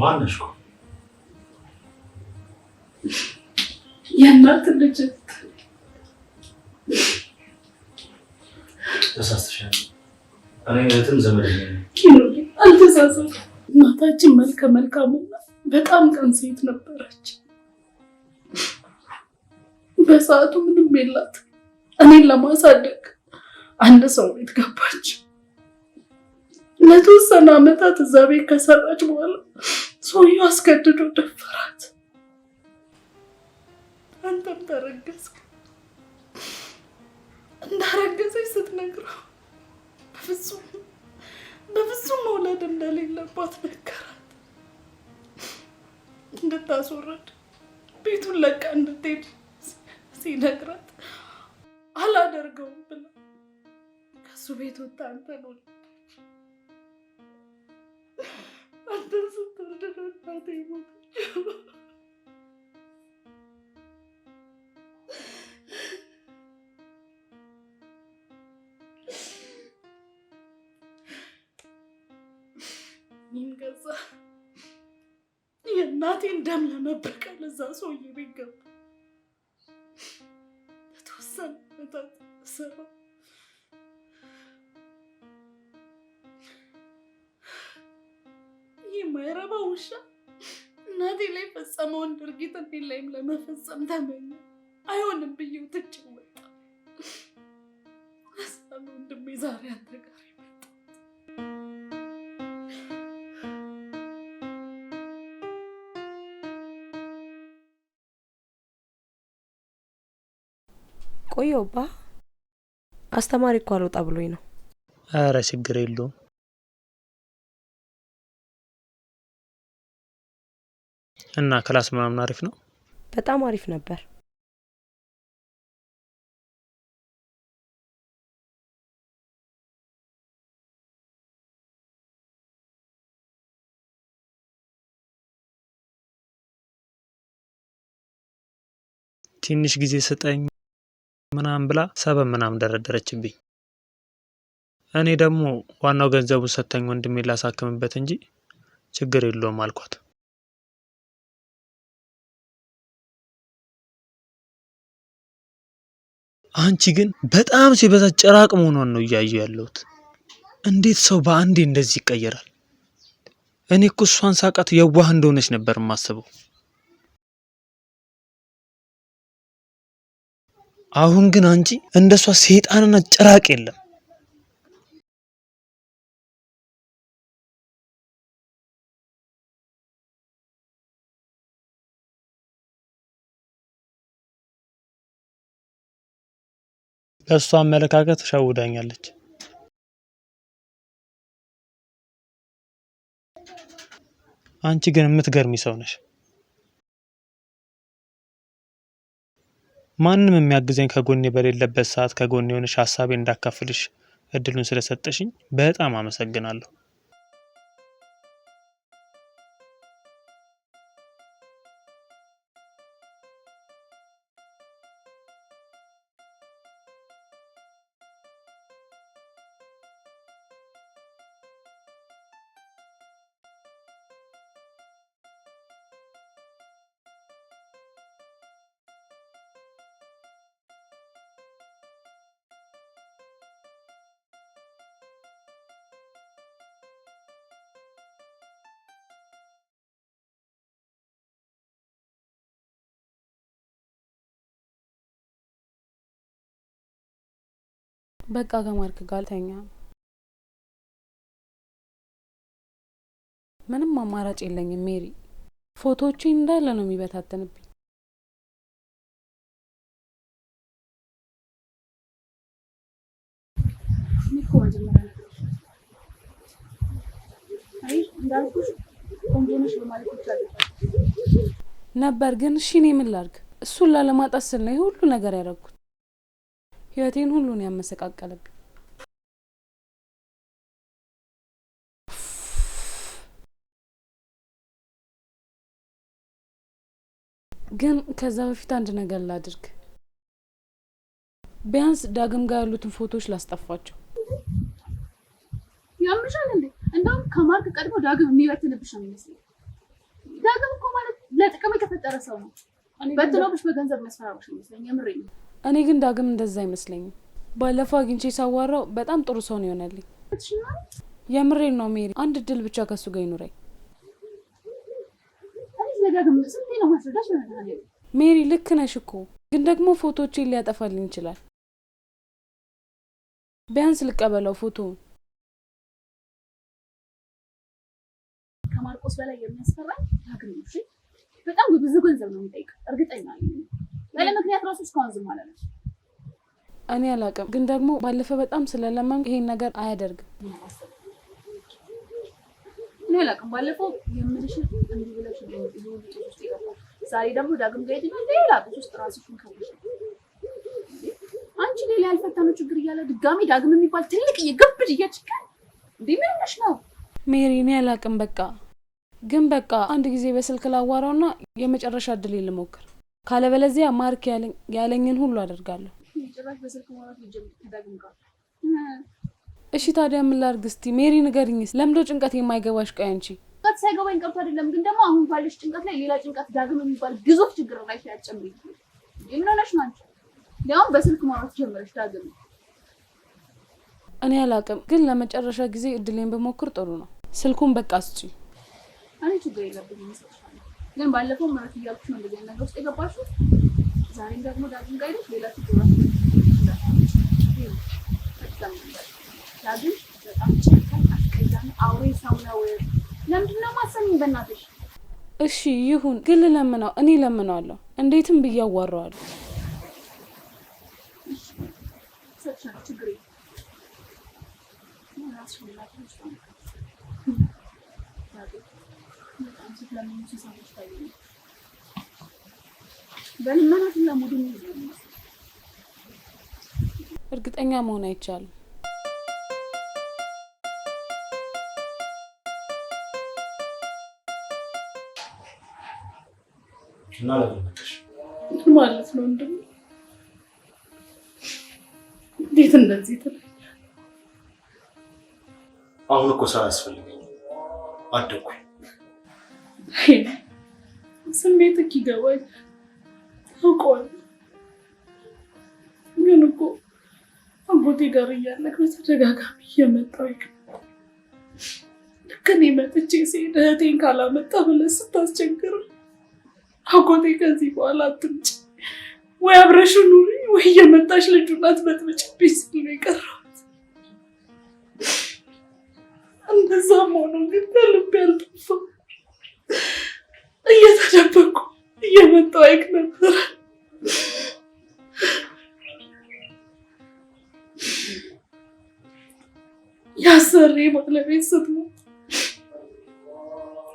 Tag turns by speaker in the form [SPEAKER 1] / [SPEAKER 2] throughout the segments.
[SPEAKER 1] ማነሽ?
[SPEAKER 2] እኮ የእናት ልጅ
[SPEAKER 1] ተሳስተሻል። እኔ እህትም ዘመድ
[SPEAKER 2] አልተሳሳትም። እናታችን መልከ መልካምና በጣም ቀን ሴት ነበረች። በሰዓቱ ምንም የላት እኔን ለማሳደግ አንድ ሰው ቤት ገባች። ለተወሰነ ዓመታት እዛ ቤት ከሰራች በኋላ ሰውዬው አስገድዶ ደፈራት። አንተም ተረገዝክ። እንዳረገዘች ስትነግረው በፍጹም በፍጹም መውለድ እንደሌለባት ነገራት። እንድታስወረድ ቤቱን ለቃ እንድትሄድ ሲነግራት አላደርገውም ብላ ከሱ ቤት ወጣ አንተን አንተን ስትወልድ እናቴ የሞተችው። እኔም ገዛ የእናቴን ደም ለመበቀል እዛ ሰውዬ ቤት ገባ። ለተወሰነ ሰራ የማይረባ ውሻ እናቴ ላይ ፈጸመውን ድርጊት እኔ ላይም ለመፈጸም ተመኘ። አይሆንም ብዬው ትቼው መጣ። አስታሉ ወንድሜ ዛሬ አንተ ጋር
[SPEAKER 3] ቆየውባ አስተማሪ እኮ አልወጣ ብሎኝ ነው።
[SPEAKER 1] አረ ችግር የለውም። እና ክላስ ምናምን አሪፍ ነው።
[SPEAKER 3] በጣም አሪፍ ነበር።
[SPEAKER 1] ትንሽ ጊዜ ስጠኝ ምናምን ብላ ሰበብ ምናምን ደረደረችብኝ። እኔ ደግሞ ዋናው ገንዘቡን ሰጥተኝ ወንድሜ ላሳክምበት እንጂ ችግር የለውም አልኳት። አንቺ ግን በጣም ሲበዛ ጭራቅ መሆኗን ነው እያየሁ ያለሁት። እንዴት ሰው በአንዴ እንደዚህ ይቀየራል? እኔ እኮ እሷን ሳቃት የዋህ እንደሆነች ነበር የማስበው። አሁን ግን አንቺ እንደሷ ሰይጣንና ጭራቅ የለም። በእሷ አመለካከት ሸውዳኛለች አንቺ ግን የምትገርሚ ሰው ነሽ። ማንም የሚያግዘኝ ከጎኔ በሌለበት ሰዓት ከጎኔ የሆነሽ ሀሳቤ እንዳካፍልሽ እድሉን ስለሰጠሽኝ በጣም አመሰግናለሁ።
[SPEAKER 3] በቃ ከማርክ ጋር ተኛ። ምንም አማራጭ የለኝም ሜሪ። ፎቶዎቹ እንዳለ ነው የሚበታተንብኝ። ነበር ግን እሺ፣ እኔ ምን ላድርግ? እሱን ላለማጣት ስል ነው ሁሉ ነገር ያደረግኩት። ህይወቴን ሁሉን ያመሰቃቀለብኝ። ግን ከዛ በፊት አንድ ነገር ላድርግ። ቢያንስ ዳግም ጋር ያሉትን ፎቶዎች ላስጠፋቸው። ያምሻል እንዴ? እንደውም ከማርክ ቀድሞ ዳግም የሚበትንብሽ ነው የሚመስለው። ዳግም እኮ ማለት ለጥቅም የተፈጠረ ሰው ነው። በትኖብሽ በገንዘብ መስፈራሮች ነው ይመስለኝ። የምሬ ነው እኔ ግን ዳግም እንደዛ አይመስለኝም። ባለፈው አግኝቼ ሳዋራው በጣም ጥሩ ሰው ነው ይሆናልኝ። የምሬን ነው ሜሪ፣ አንድ እድል ብቻ ከሱ ጋር ይኑረኝ። ሜሪ ልክ ነሽ እኮ ግን ደግሞ ፎቶዎቼን ሊያጠፋልኝ ይችላል። ቢያንስ ልቀበለው ፎቶውን። ከማርቆስ በላይ የሚያስፈራኝ ዳግም ነው። በጣም ብዙ ገንዘብ ነው የሚጠይቅ እርግጠኛ ያለ ምክንያት ራሱ እስካሁን ዝም አላለች። እኔ አላውቅም፣ ግን ደግሞ ባለፈ በጣም ስለለመም ይሄን ነገር አያደርግም። እኔ አላውቅም። ባለፈው የምልሽን እንዲህ ብለሽ ውስጥ ይገባ፣ ዛሬ ደግሞ ዳግም ጋሄድ ሄድን፣ ሌላ ቁስ ውስጥ ራስሽን ከብሽ አንቺ ሌላ ያልፈታነው ችግር እያለ ድጋሚ ዳግም የሚባል ትልቅ እየገብድ እያችካል እንዴ ምን ነው ሜሪ? እኔ አላውቅም። በቃ ግን በቃ አንድ ጊዜ በስልክ ላዋራውና የመጨረሻ እድል ልሞክር ካለበለዚያ ማርክ ያለኝን ሁሉ አደርጋለሁ። እሺ ታዲያ ምን ላድርግ? እስቲ ሜሪ ንገሪኝ። ለምዶ ጭንቀት የማይገባሽ ቆይ አንቺ ጭንቀት ሳይገባኝ ቀርቶ አይደለም፣ ግን ደግሞ አሁን ባለሽ ጭንቀት ላይ ሌላ ጭንቀት ዳግም የሚባል ግዙፍ ችግር ላይ ያጨምሪ። ምን ሆነሽ ነው አንቺ? ሊያውም በስልክ ማውራት ጀምረሽ ዳግም። እኔ አላውቅም፣ ግን ለመጨረሻ ጊዜ እድሌን በሞክር ጥሩ ነው። ስልኩን በቃ ስጪ። እኔ ችግር የለብኝ ይመስለሻል? ግን ባለፈው ምረት እያልኩሽ ነው እንደዚህ ነገር ውስጥ የገባችው። ዛሬም ደግሞ ዳግም ጋር ሄደሽ ሌላ ትጉራት ዳግም በጣም ነው። እሺ ይሁን፣ ግን ልለምነው እኔ ለምነዋለሁ። እንዴትም ብዬ አዋራዋለሁ። ችግር የለም በልመናትና እርግጠኛ መሆን አይቻልም።
[SPEAKER 1] እና
[SPEAKER 2] ማለት ነው። እንደ እንዴት እንደዚህ ትላለህ?
[SPEAKER 1] አሁን እኮ ስራ ያስፈልገኝ አደኩኝ።
[SPEAKER 2] ስሜት ይገባኛል። አውቀዋለሁ። ግን እኮ አጎቴ ጋር እያለ በተደጋጋሚ እየመጣሁ ልክ እኔ መጥቼ ስሄድ እህቴን ካላመጣ ብለህ ስታስቸግር አጎቴ ከዚህ በኋላ አትምጪ ወይ አብረሽ ኑሪ ወይ እየመጣሽ ልጁን ስል ነው የቀረሁት። እንደዛም ሆኖ ግን ከልቤ አልጠፋም እየመጣሁ አይክ ነበር። ያሰሬ ባለቤት ስትሞት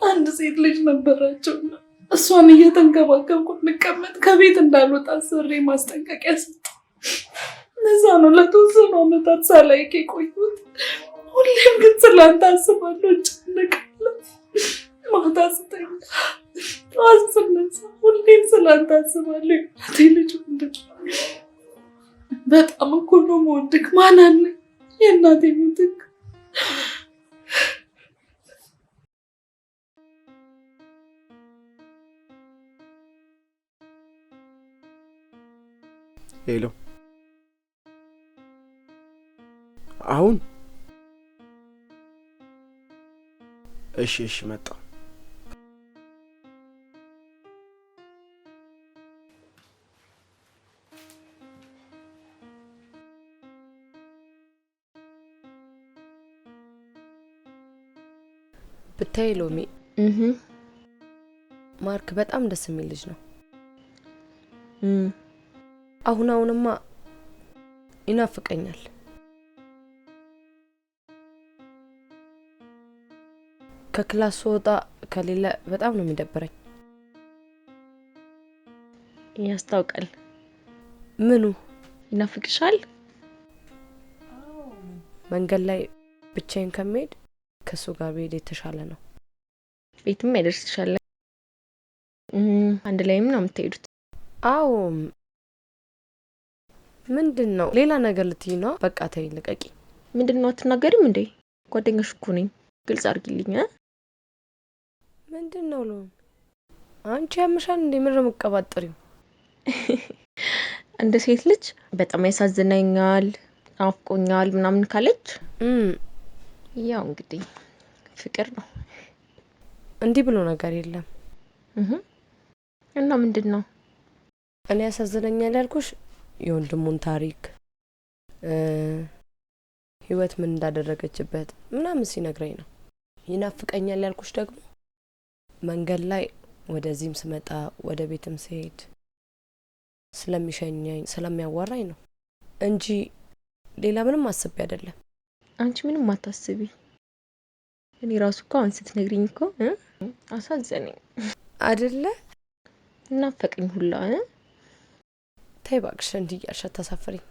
[SPEAKER 2] አንድ ሴት ልጅ ነበራቸውና እሷን እየተንከባከብኩ እንቀመጥ ከቤት እንዳልወጣ አሰሬ ማስጠንቀቂያ ሰጠ። እነዛ ነው ለተወሰኑ ዓመታት ሳላይክ የቆዩት። ሁሌም ግን ስላንተ አስባለሁ፣ እጨነቃለሁ ማታ ስተኛ ስነሳ ሁሌም ስላንተ አስባለሁ። ልጅ በጣም እኮ ነው መወድቅ ማናለ የእናቴ ምትክ
[SPEAKER 1] ሄሎ አሁን እሺ እሺ መጣ
[SPEAKER 3] ብታይ ሎሚ ማርክ በጣም ደስ የሚል ልጅ ነው። አሁን አሁንማ ይናፍቀኛል። ከክላስ ወጣ ከሌለ በጣም ነው የሚደብረኝ። ያስታውቃል። ምኑ ይናፍቅሻል? መንገድ ላይ ብቻዬን ከመሄድ ከእሱ ጋር ብሄድ የተሻለ ነው። ቤትም ያደርስ ይሻለ። አንድ ላይም ነው የምትሄዱት? አዎ። ምንድን ነው ሌላ ነገር ልትይ ነው? በቃ ተይ ልቀቂ። ምንድን ነው አትናገሪም እንዴ? ጓደኛሽ እኮ ነኝ። ግልጽ አድርጊልኝ። ምንድን ነው ሎ አንቺ ያምሻል እንዴ? ምር ምቀባጥሪው እንደ ሴት ልጅ በጣም ያሳዝነኛል፣ ናፍቆኛል ምናምን ካለች ያው እንግዲህ ፍቅር ነው። እንዲህ ብሎ ነገር የለም እና ምንድን ነው እኔ ያሳዝነኛል ያልኩሽ የወንድሙን ታሪክ ህይወት ምን እንዳደረገችበት ምናምን ሲነግረኝ ነው። ይናፍቀኛል ያልኩሽ ደግሞ መንገድ ላይ ወደዚህም ስመጣ ወደ ቤትም ስሄድ ስለሚሸኘኝ ስለሚያዋራኝ ነው እንጂ ሌላ ምንም አስቤ አይደለም። አንቺ ምንም አታስቢ። እኔ ራሱ እኮ አሁን ስትነግሪኝ እኮ አሳዘነኝ አደለ? እናፈቅኝ ሁላ። ተይ እባክሽ እንዲህ እያልሽ አታሳፍሪኝ።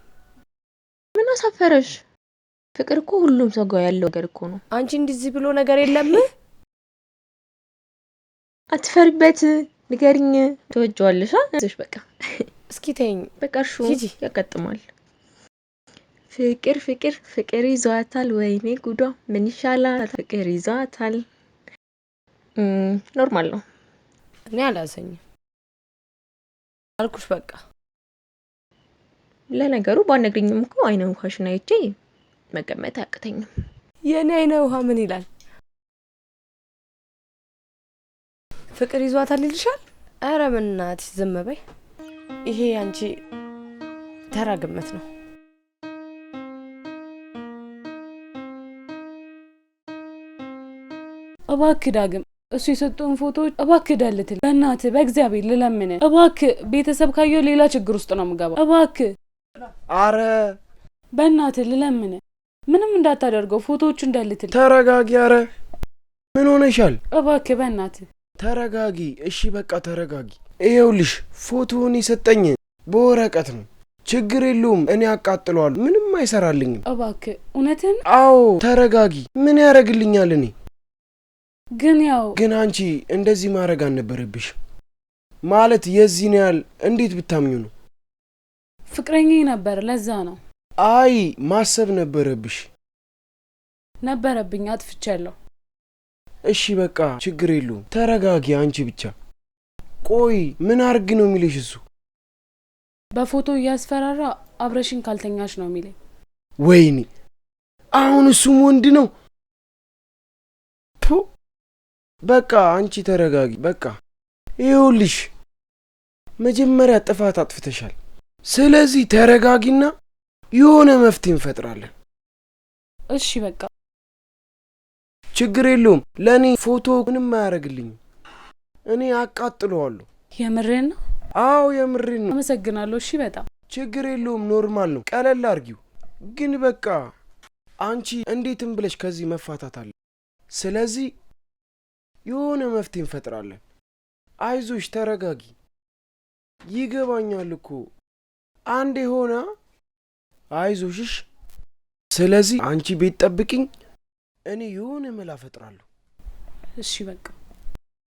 [SPEAKER 3] ምን አሳፈረሽ? ፍቅር እኮ ሁሉም ሰው ጋር ያለው ነገር እኮ ነው። አንቺ እንዲዚህ ብሎ ነገር የለም። አትፈሪበት፣ ንገሪኝ። ትወጂዋለሽ። በቃ እስኪ ተይኝ። በቃ እሺ፣ ያጋጥማል ፍቅር ፍቅር ፍቅር ይዟታል ወይኔ ጉዷ ምን ይሻላል ፍቅር ይዟታል። ኖርማል ነው። እኔ አላዘኝም አልኩሽ። በቃ ለነገሩ ባነግርኝም እኮ አይነ ውሃሽን አይቼ መገመት አያቅተኝም። የእኔ አይነ ውሃ ምን ይላል? ፍቅር ይዟታል ይልሻል። ኧረ ምናትሽ ዝም በይ። ይሄ አንቺ ተራ ግምት ነው። እባክ ዳግም እሱ የሰጡን ፎቶዎች እባክ ዳልትል በእናትህ በእግዚአብሔር ልለምን እባክ ቤተሰብ ካየው ሌላ ችግር ውስጥ ነው ምገባ እባክህ አረ በእናት ልለምን ምንም እንዳታደርገው ፎቶዎቹ እንዳልትል
[SPEAKER 1] ተረጋጊ አረ ምን ሆነሻል
[SPEAKER 3] እባክህ በእናት
[SPEAKER 1] ተረጋጊ እሺ በቃ ተረጋጊ ይኸውልሽ ፎቶውን የሰጠኝ በወረቀት ነው ችግር የለውም እኔ አቃጥለዋለሁ ምንም አይሰራልኝም
[SPEAKER 3] እባክ እውነትን
[SPEAKER 1] አዎ ተረጋጊ ምን ያደረግልኛል እኔ ግን ያው ግን አንቺ እንደዚህ ማድረግ አልነበረብሽ። ማለት የዚህን ያህል እንዴት ብታምኙ ነው?
[SPEAKER 3] ፍቅረኛ ነበር፣ ለዛ ነው።
[SPEAKER 1] አይ ማሰብ ነበረብሽ።
[SPEAKER 3] ነበረብኝ፣ አጥፍቻለሁ።
[SPEAKER 1] እሺ በቃ ችግር የለውም። ተረጋጊ አንቺ ብቻ። ቆይ ምን አርግ ነው የሚልሽ እሱ?
[SPEAKER 3] በፎቶ እያስፈራራ አብረሽን ካልተኛሽ ነው የሚለኝ።
[SPEAKER 1] ወይኔ አሁን እሱም ወንድ ነው። በቃ አንቺ ተረጋጊ። በቃ ይኸውልሽ፣ መጀመሪያ ጥፋት አጥፍተሻል። ስለዚህ ተረጋጊና የሆነ መፍትሄ እንፈጥራለን። እሺ በቃ ችግር የለውም። ለእኔ ፎቶ ምንም አያደርግልኝም። እኔ አቃጥለዋለሁ። የምሬን ነው? አዎ የምሬን ነው።
[SPEAKER 3] አመሰግናለሁ። እሺ በጣም
[SPEAKER 1] ችግር የለውም። ኖርማል ነው። ቀለል አድርጊው። ግን በቃ አንቺ እንዴትም ብለሽ ከዚህ መፋታት አለ። ስለዚህ የሆነ መፍትሄ እንፈጥራለን። አይዞሽ፣ ተረጋጊ። ይገባኛል እኮ አንድ የሆነ አይዞሽሽ። ስለዚህ አንቺ ቤት ጠብቅኝ፣ እኔ የሆነ መላ እፈጥራለሁ።
[SPEAKER 3] እሺ በቃ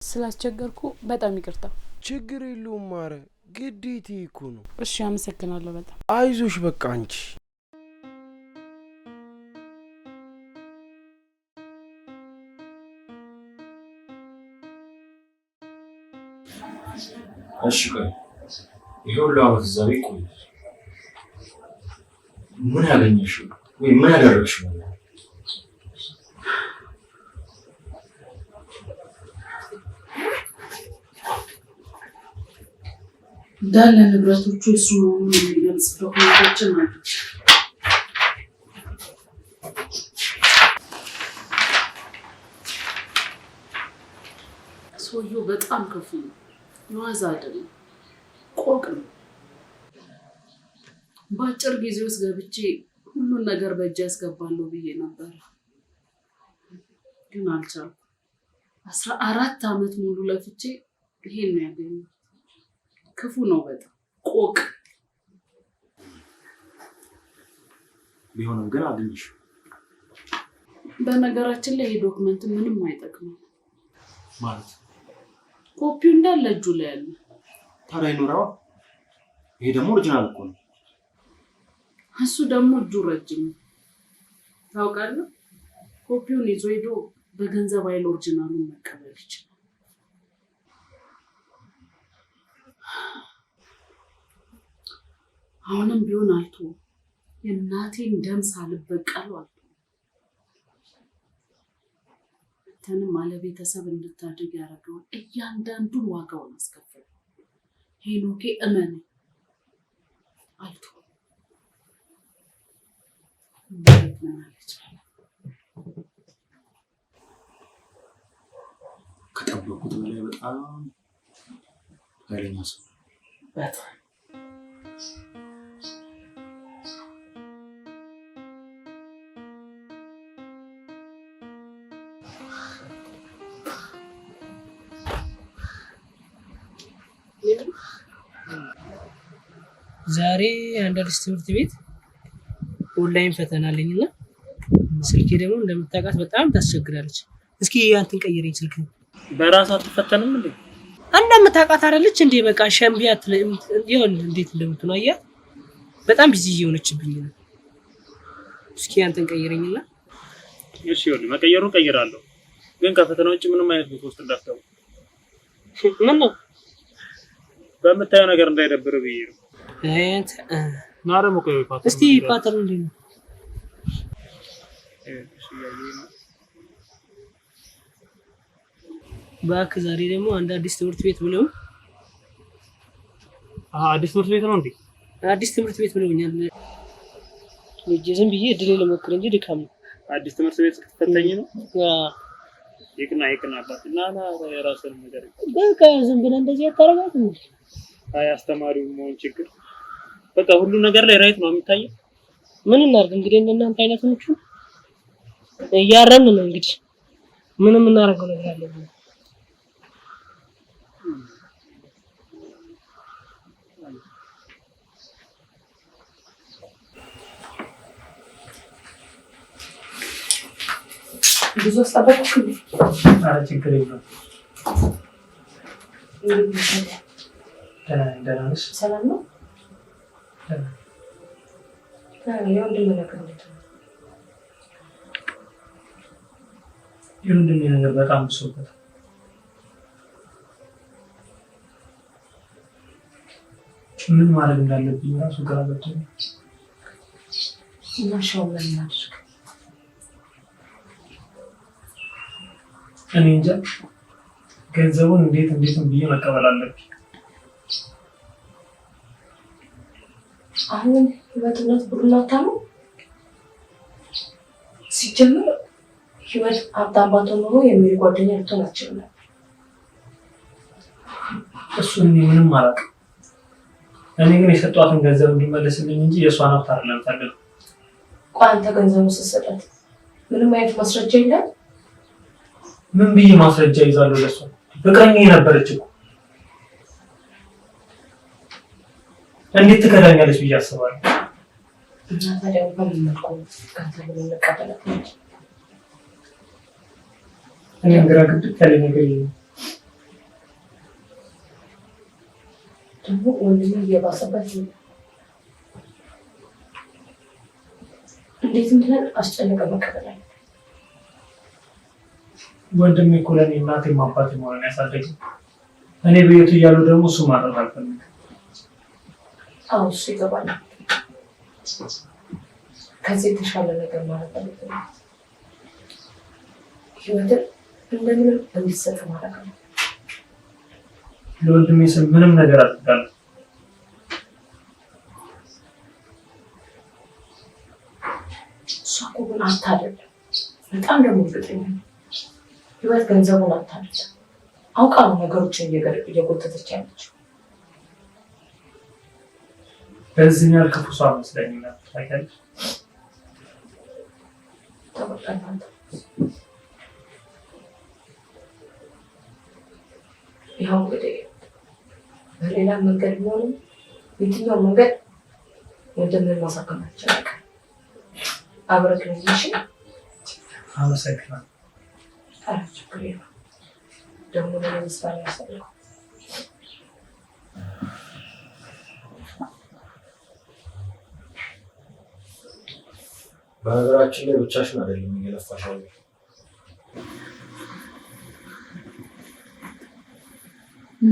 [SPEAKER 3] ስላስቸገርኩ በጣም ይቅርታ።
[SPEAKER 1] ችግር የለውም ማረ፣ ግዴታዬ እኮ ነው።
[SPEAKER 3] እሺ፣ አመሰግናለሁ በጣም
[SPEAKER 1] አይዞሽ። በቃ አንቺ እሺ ቆይ ይሄ ሁሉ አመት እዛ ቤት ቆይ ምን ያገኘሽ ወይ ምን ያደረግሽ ነው?
[SPEAKER 2] እንዳለ ንብረቶቹ እሱ መሆኑን የሚገልጽ ዶክመንቶችን አሉ። ሰውየው በጣም ከፉ ነው። ዋዛ አይደለም፣ ቆቅ ነው። በአጭር ጊዜ ውስጥ ገብቼ ሁሉን ነገር በእጅ ያስገባለሁ ብዬ ነበረ፣ ግን አልቻልኩም። አስራ አራት አመት ሙሉ ለፍቼ ይሄን ነው ያገኘሁት። ክፉ ነው በጣም ቆቅ
[SPEAKER 1] ቢሆንም ግን አግኝሽ።
[SPEAKER 2] በነገራችን ላይ የዶክመንት ምንም አይጠቅምም ማለት ኮፒው እንዳለ እጁ ላይ ያለ
[SPEAKER 1] ታዲያ ይኖረዋ። ይሄ ደግሞ ኦሪጂናል እኮ ነው።
[SPEAKER 2] እሱ ደግሞ እጁ ረጅም ታውቃለህ። ኮፒውን ይዞ ሄዶ በገንዘብ አይል ኦሪጂናሉን መቀበል ይችላል። አሁንም ቢሆን አልቶ የእናቴን ደም ሳልበቀሉ አለ አንተንም አለቤተሰብ እንድታድግ ያደረገውን እያንዳንዱን ዋጋውን አስከፍል። ሄኖኬ እመን አልቶ
[SPEAKER 1] ከጠበቁት በላይ በጣም ኃይለኛ ሰው
[SPEAKER 2] በጣም ዛሬ አንዳንድ ትምህርት ቤት ኦንላይን ፈተና አለኝ እና ስልኬ ደግሞ እንደምታውቃት በጣም ታስቸግራለች። እስኪ አንተን ቀይረኝ ስልክ
[SPEAKER 1] በራሱ አትፈተንም እንዴ?
[SPEAKER 2] እንደምታውቃት አይደለች እንዴ? በቃ ሸምቢያት ይሁን እንዴት እንደምትሆን አየህ። በጣም ቢዚ እየሆነችብኝ ነው። እስኪ አንተን ቀይረኝና
[SPEAKER 1] እሺ፣ ይኸውልህ መቀየሩን ቀይራለሁ፣ ግን ከፈተና ውጭ ምንም አይነት ቦታ ውስጥ እንዳትገባ። ምን ነው በምታየው ነገር እንዳይደብር ብዬ ነው እስቲ
[SPEAKER 2] ፓተርን እንዴት ነው? እባክህ ዛሬ ደግሞ አንድ አዲስ ትምህርት ቤት ብለው
[SPEAKER 1] አዲስ ትምህርት ቤት ነው እንዴ?
[SPEAKER 2] አዲስ ትምህርት ቤት ብለውኛል። ዝም ብዬ እድሌ ለሞክር እንጂ ድካም ነው።
[SPEAKER 1] አዲስ ትምህርት ቤት ከተፈተኝ ነው። ይቅና ይቅና አባት እና
[SPEAKER 2] የራስህን ነገር በቃ ዝም ብለህ እንደዚህ አታረጋትም።
[SPEAKER 1] አይ አስተማሪው መሆን ችግር
[SPEAKER 2] በቃ ሁሉ ነገር ላይ ራይት ነው የሚታየው። ምን እናርግ እንግዲህ እንደናንተ አይነቶቹ እያረን ነው እንግዲህ ምንም እናደርገው ነገር አለ ብዙ አስጠበቅኩሽ።
[SPEAKER 1] ችግር የለውም። ደህና ነሽ?
[SPEAKER 2] ሰላም ነው የወንድሜ
[SPEAKER 1] ነገር በጣም ብሶበታል። ምን ማድረግ እንዳለብኝ ራሱ ግራ ገብቶኛል። እኔ እንጃ ገንዘቡን እንዴት እንዴት ብዬ መቀበል አለብኝ።
[SPEAKER 2] አሁን ህይወት እውነት ሲጀምር ህይወት ሀብታም ኖሮ የሚል ጓደኛ ልትሆን አትችልም ነበር።
[SPEAKER 1] እሱን እኔ ምንም አላውቅም። እኔ ግን የሰጧትን ገንዘብ እንዲመለስልኝ እንጂ የእሷን ሀብት አይደለም ፈልገው።
[SPEAKER 2] ቆይ አንተ ስትሰጣት ምንም አይነት ማስረጃ የለም?
[SPEAKER 1] ምን ብዬ ማስረጃ ይዛለሁ? ለእሷ ፍቅረኛ የነበረች እኮ እንዴት ትከዳኛለች ብዬ አስባለሁ። እኔ ግራ ግብት ያለኝ ነገር
[SPEAKER 2] ወንድሜ እየባሰበት እንዴት
[SPEAKER 1] እኮ ለእኔ ያሳደገኝ እኔ በየቱ እያሉ ደግሞ እሱ ማጣት አልፈልግም።
[SPEAKER 2] አዎ እሱ ይገባል። ከዚህ የተሻለ ነገር ማለት አለብን። ህይወትን እንደምንም እንዲሰጥ ማድረግ ነው።
[SPEAKER 1] ለወንድሜ ስም ምንም ነገር አድርጋለሁ።
[SPEAKER 2] እሷ እኮ ግን አታደለም። በጣም ደግሞ እርግጠኛ ነው። ህይወት ገንዘቡን አታደለም። አውቃ ነው ነገሮችን እየጎተተች ያለችው።
[SPEAKER 1] በዚህ ያህል ክፉ ሰው አመስለኝም ነበር።
[SPEAKER 2] ታውቂያለሽ ያው እንግዲህ በሌላ መንገድ ቢሆንም የትኛው መንገድ ወደምን ማሳከማቸው አብረት ልሽ አመሰግናለሁ። ደግሞ ለመስፋ ያስፈልገው
[SPEAKER 1] በነገራችን ላይ ብቻሽን አይደለም እየለፋሽ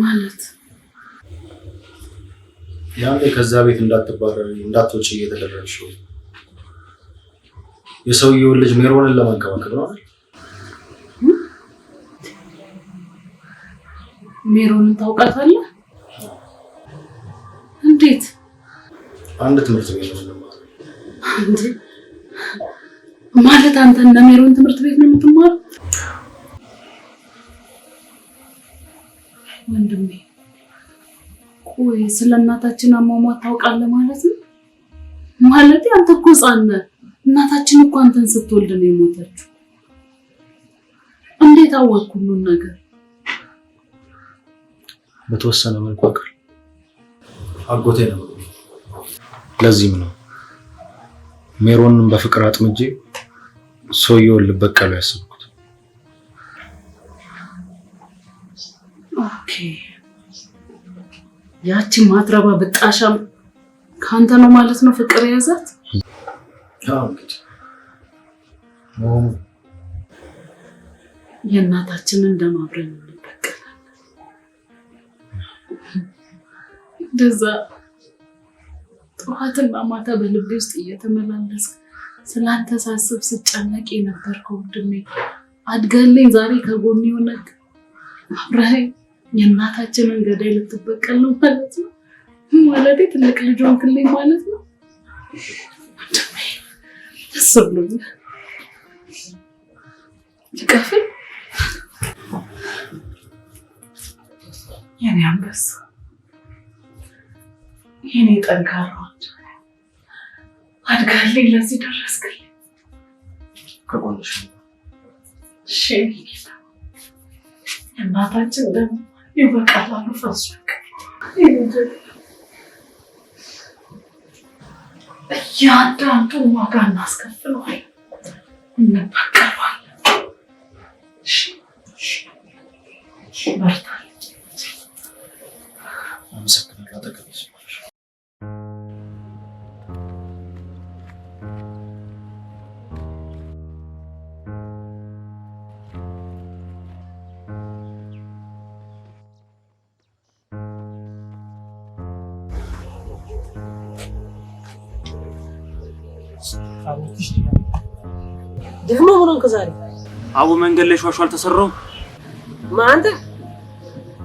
[SPEAKER 1] ማለት ያኔ ከዛ ቤት እንዳትባረሪ እንዳትወጪ እየተደረግሽ የሰውየውን ልጅ ሜሮንን ለመንከባከብ ነው አይደል?
[SPEAKER 2] ሜሮንን ታውቃታለህ? እንዴት?
[SPEAKER 1] አንድ ትምህርት ቤት ነው እንዴ?
[SPEAKER 2] ማለት አንተ እና ሜሮን ትምህርት ቤት ነው የምትማረው? ወንድሜ ቆይ ስለ እናታችን አሟሟት ታውቃለህ ማለት ነው? ማለት አንተ እኮ ሕፃን ነህ። እናታችን እኮ አንተን ስትወልድ ነው የሞተችው። እንዴት አወቅህ ሁሉን ነገር?
[SPEAKER 1] በተወሰነ መልኩ አውቃለሁ። አጎቴ ነው። ለዚህም ነው ሜሮንን በፍቅር አጥምጄ ሰውየውን ልበቀሉ ያሰብኩት።
[SPEAKER 2] ኦኬ ያቺ ማትረባ ብጣሻም ካንተ ነው ማለት ነው ፍቅር የያዛት? የእናታችንን ደም አብረን እንበቀላለን። እንደዛ ጠዋትና ማታ በልቤ ውስጥ እየተመላለስ ስላንተ ሳስብ ስጨነቅ የነበርከው ወንድሜ አድገልኝ ዛሬ ከጎን የሆነ አብረኸኝ የእናታችንን ገዳይ ልትበቀል ነው ማለት ነው። ማለቴ ትልቅ ልጅ ሆንክልኝ ማለት ነው። ደስ ብሎኛል። የኔ አንበሳ የኔ ጠንካራዎች አድጋልኝ፣ ለዚህ ደረስክልኝ። ከጎንሽ እሺ። እናታችን ደግሞ ይበቃላሉ ፈሱ እያንዳንዱን ዋጋ እናስከፍለዋል፣ እንበቀለዋለን። በርታ። አመሰግናለሁ። ዛሬ
[SPEAKER 1] አቡ መንገድ ላይ ሿሿ አልተሰራውም።
[SPEAKER 2] አንተ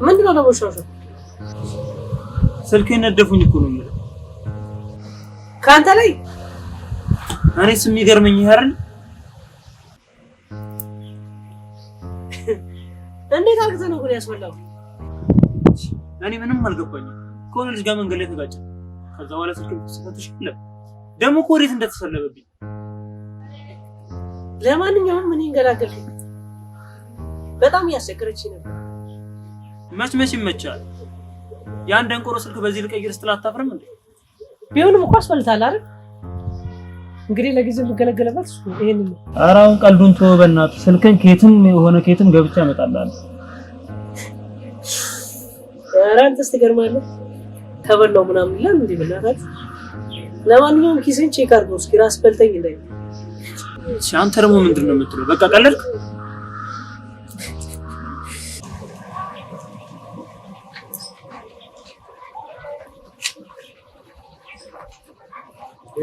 [SPEAKER 2] ምንድን ነው ደግሞ ሿሿ?
[SPEAKER 1] ስልክ የነደፉኝ እኮ ነው የሚለው ከአንተ ላይ። እኔስ የሚገርመኝ ይሄ አይደል?
[SPEAKER 2] እንዴት አልክተ ነው ግን ያስፈላው?
[SPEAKER 1] እኔ ምንም አልገባኝም። ከሆነ ልጅ ጋር መንገድ ላይ ተጋጨ። ከዛ በኋላ ስልክ ተሰጥቶሽ ደግሞ እኮ እንደተሰለበብኝ
[SPEAKER 2] ለማንኛውም ምን ይንገላገል በጣም እያስቸገረች ነበር።
[SPEAKER 1] መች መች ይመቻል። ያን ደንቆሮ ስልክ በዚህ ልቀይር ስትል አታፍርም እንዴ?
[SPEAKER 2] ቢሆንም እኮ አስፈልታል አይደል? እንግዲህ ለጊዜው የምገለገለበት ይሄን
[SPEAKER 1] ነው። ኧረ አሁን ቀልዱን ተወው በእናትህ። ስልክን ከየትም የሆነ ከየትም ገብቼ አመጣልሃለሁ።
[SPEAKER 2] ኧረ አንተስ ትገርማለህ። ተበላው ምናምን ይላል እንዴ በእናትህ። ለማንኛውም ኪስን ቼክ አድርገው እስኪ ራስ በልተኝ እንዳይ
[SPEAKER 1] አንተ ደግሞ ምንድን ነው የምትለው? በቃ ቀለድክ።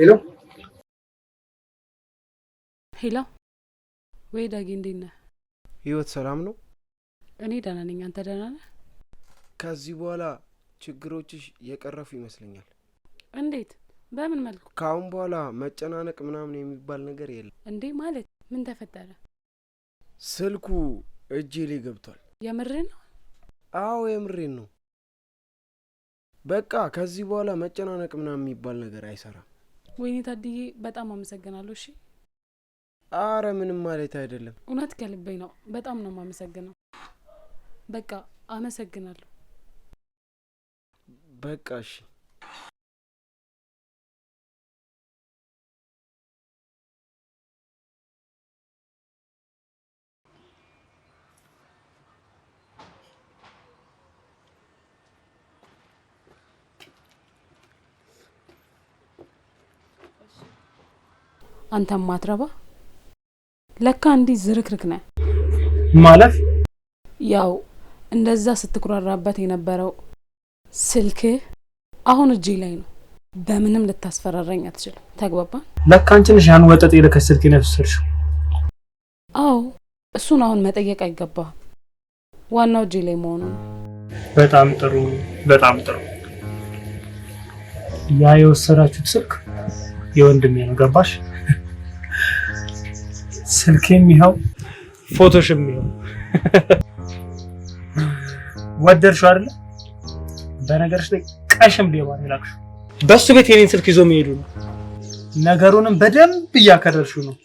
[SPEAKER 1] ሄሎ
[SPEAKER 3] ሄሎ፣ ወይ ዳጊ፣ እንዴት ነህ?
[SPEAKER 1] ህይወት ሰላም ነው?
[SPEAKER 3] እኔ ደህና ነኝ። አንተ ደህና ነህ?
[SPEAKER 1] ከዚህ በኋላ ችግሮችሽ የቀረፉ ይመስለኛል።
[SPEAKER 3] እንዴት በምን መልኩ?
[SPEAKER 1] ከአሁን በኋላ መጨናነቅ ምናምን የሚባል ነገር የለም።
[SPEAKER 3] እንዴ ማለት ምን ተፈጠረ?
[SPEAKER 1] ስልኩ እጄ ላይ ገብቷል። የምሬ ነው? አዎ የምሬን ነው። በቃ ከዚህ በኋላ መጨናነቅ ምናምን የሚባል ነገር አይሰራም።
[SPEAKER 3] ወይኔ ታድዬ በጣም አመሰግናለሁ። እሺ።
[SPEAKER 1] አረ ምንም ማለት አይደለም።
[SPEAKER 3] እውነት ከልበኝ ነው። በጣም ነው የማመሰግነው። በቃ አመሰግናለሁ። በቃ እሺ። አንተም ማትረባ ለካ እንዲህ ዝርክርክ ነህ ማለት ያው እንደዛ ስትኩራራበት የነበረው ስልክህ አሁን እጅ ላይ ነው። በምንም ልታስፈራራኝ አትችልም። ተግባባ።
[SPEAKER 1] ለካ አንቺ ነሽ ያን ወጠጥ የለከሽ ስልክ የነፍሰርሽው።
[SPEAKER 3] አዎ እሱን አሁን መጠየቅ አይገባም። ዋናው እጅ ላይ መሆኑ ነው።
[SPEAKER 1] በጣም ጥሩ፣ በጣም ጥሩ። ያ የወሰዳችሁት ስልክ የወንድሜ ነው። ገባሽ? ስልክ ይኸው ፎቶሽም ይኸው። ወደድሽው አይደለ? በነገርሽ ላይ ቀሽም ሌባ ላክሽው። በሱ ቤት የኔን ስልክ ይዞ መሄዱ ነው። ነገሩንም በደንብ እያከረርሽው ነው።